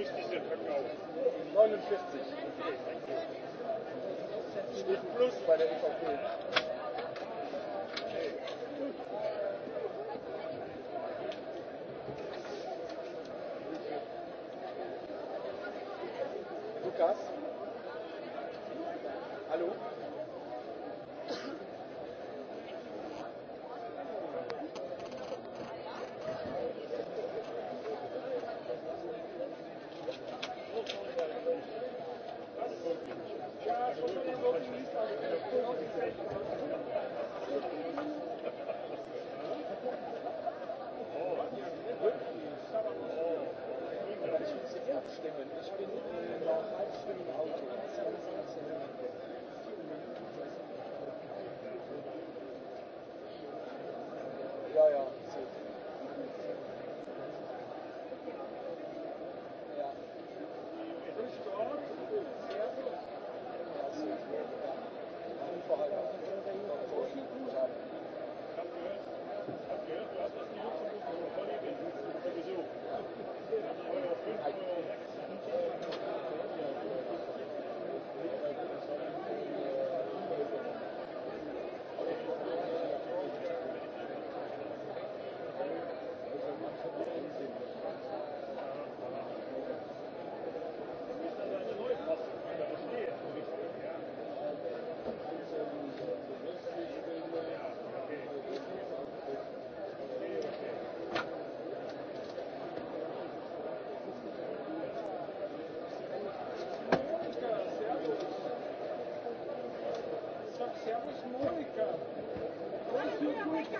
Akustische verkauft. Lukas? Hallo?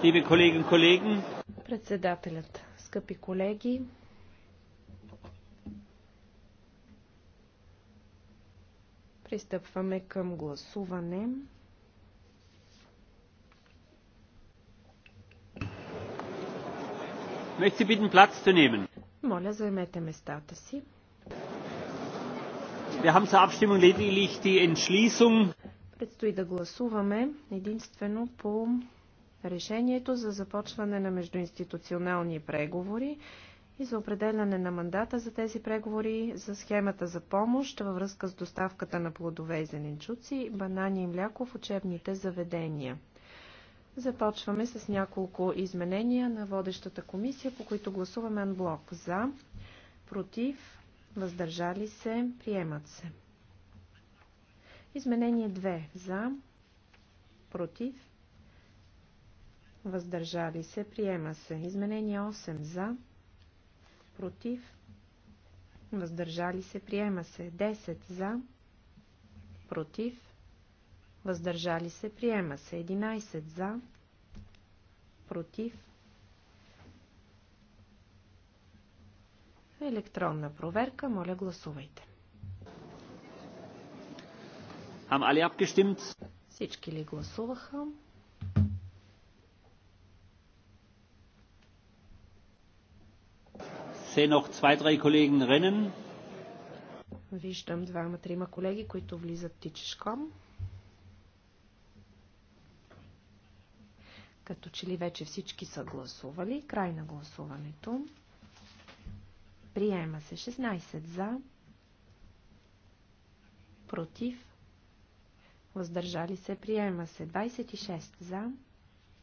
Liebe Kolleginnen und Kollegen. Председателят, скъпи колеги, пристъпваме към гласуване. Möchte bitten Platz zu nehmen. Моля, заемете местата си. Wir haben zur Abstimmung lediglich die Entschließung. Предстои да гласуваме единствено по решението за започване на междуинституционални преговори и за определяне на мандата за тези преговори за схемата за помощ във връзка с доставката на плодове и зеленчуци, банани и мляко в учебните заведения. Започваме с няколко изменения на водещата комисия, по които гласуваме анблок за, против, въздържали се, приемат се. Изменение 2 за, против, въздържали се, приема се. Изменение 8 за, против, въздържали се, приема се. 10 за, против, въздържали се, приема се. 11 за, против. Електронна проверка, моля гласувайте. Всички ли гласуваха? sehe noch zwei, drei Kollegen rennen. Виждам двама-трима колеги, които влизат тичешком. Като че ли вече всички са гласували. Край на гласуването. Приема се 16 за, против, въздържали се. Приема се 26 за,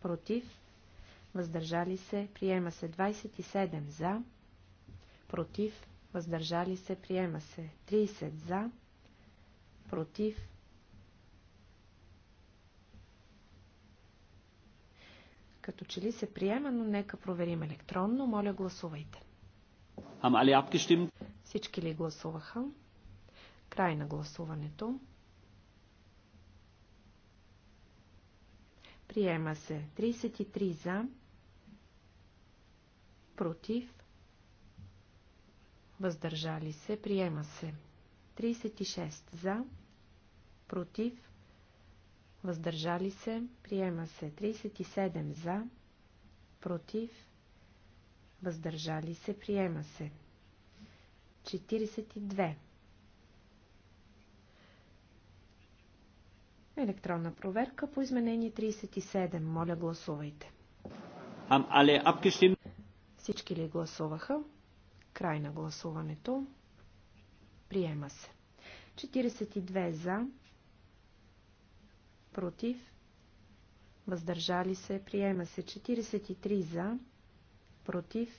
против, въздържали се. Приема се 27 за, против, въздържали се, приема се. 30 за, против. Като че ли се приема, но нека проверим електронно. Моля, гласувайте. Всички ли гласуваха? Край на гласуването. Приема се 33 за, против въздържали се, приема се. 36 за, против, въздържали се, приема се. 37 за, против, въздържали се, приема се. 42 Електронна проверка по изменение 37. Моля гласувайте. Всички ли гласуваха? Край на гласуването. Приема се. 42 за. Против. Въздържали се. Приема се. 43 за. Против.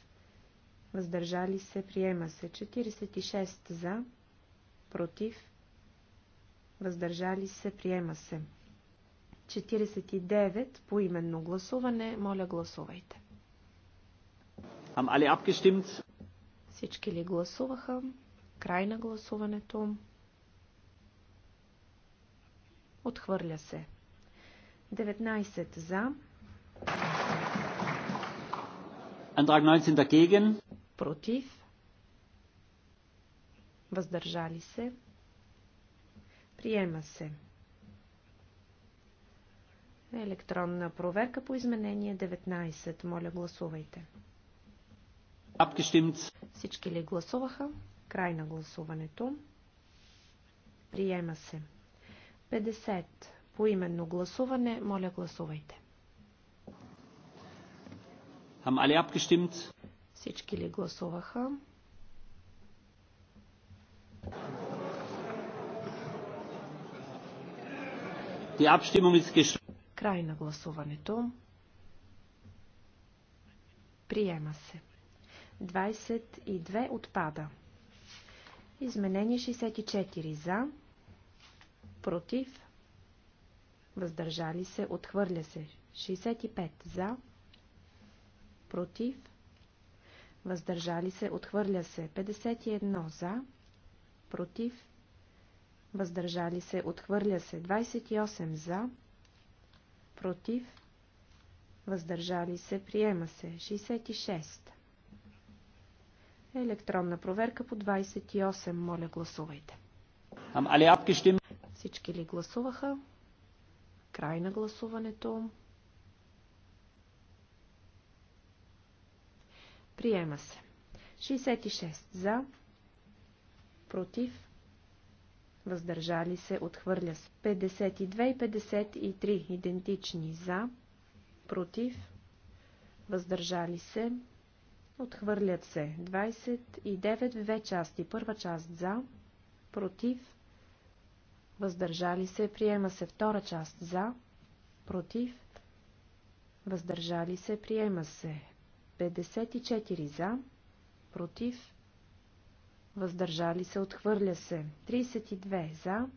Въздържали се. Приема се. 46 за. Против. Въздържали се. Приема се. 49 по именно гласуване. Моля, гласувайте. Ам alle abgestimmt? Всички ли гласуваха? Край на гласуването. Отхвърля се. 19 за. Антрак 19 дагеген. Против. Въздържали се. Приема се. Електронна проверка по изменение 19. Моля гласувайте. Всички ли гласуваха? Край на гласуването. Приема се. 50. По именно гласуване, моля гласувайте. Всички ли гласуваха? Край на гласуването. Приема се. 22 отпада. Изменение 64 за, против, въздържали се, отхвърля се. 65 за, против, въздържали се, отхвърля се. 51 за, против, въздържали се, отхвърля се. 28 за, против, въздържали се, приема се. 66 Електронна проверка по 28. Моля, гласувайте. Всички ли гласуваха? Край на гласуването. Приема се. 66 за, против, въздържали се, отхвърля се. 52 и 53 идентични за, против, въздържали се, Отхвърлят се 29 в две части. Първа част за, против, въздържали се, приема се втора част за, против, въздържали се, приема се 54 за, против, въздържали се, отхвърля се 32 за,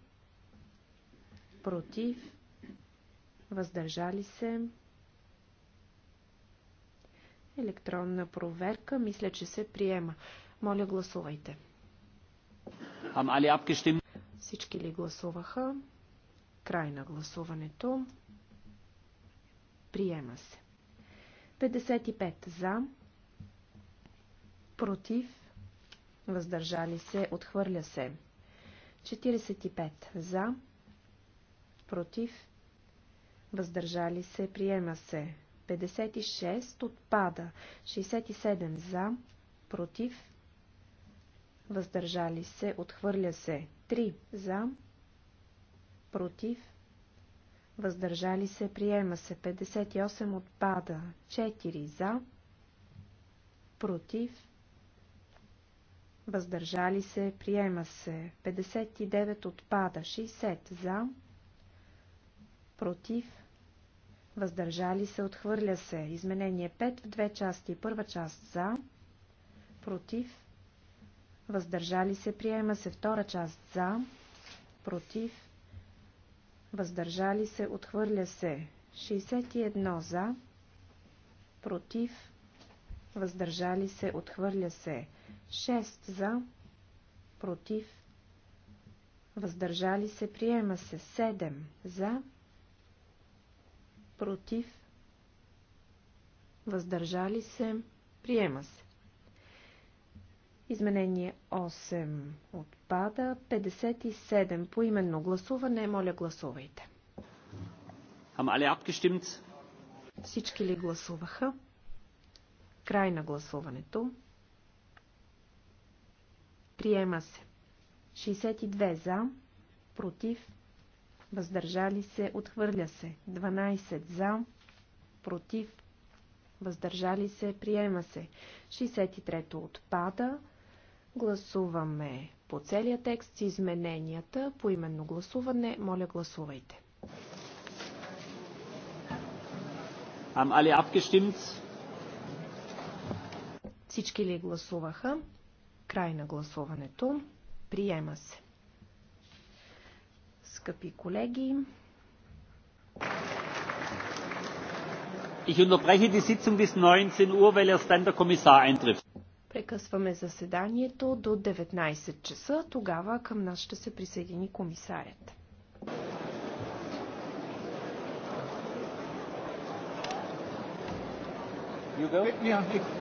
против, въздържали се, Електронна проверка. Мисля, че се приема. Моля, гласувайте. Всички ли гласуваха? Край на гласуването. Приема се. 55 за. Против. Въздържали се. Отхвърля се. 45 за. Против. Въздържали се. Приема се. 56 отпада. 67 за, против, въздържали се, отхвърля се. 3 за, против, въздържали се, приема се. 58 отпада. 4 за, против, въздържали се, приема се. 59 отпада. 60 за, против, въздържали се, отхвърля се. Изменение 5 в две части. Първа част за, против, въздържали се, приема се. Втора част за, против, въздържали се, отхвърля се. 61 за, против, въздържали се, отхвърля се. 6 за, против, въздържали се, приема се. 7 за, против, против, въздържали се, приема се. Изменение 8 отпада. 57 по именно гласуване. Моля, гласувайте. Всички ли гласуваха? Край на гласуването. Приема се. 62 за, против, въздържали се, отхвърля се. 12 за, против, въздържали се, приема се. 63-то отпада. Гласуваме по целия текст с измененията. По именно гласуване, моля гласувайте. Ам alle abgestimmt? Всички ли гласуваха? Край на гласуването. Приема се скъпи колеги. Ich unterbreche die Sitzung bis 19 Uhr, weil erst dann der Kommissar eintrifft. Прекъсваме заседанието до 19 часа. Тогава към нас ще се присъедини комисарят. You go?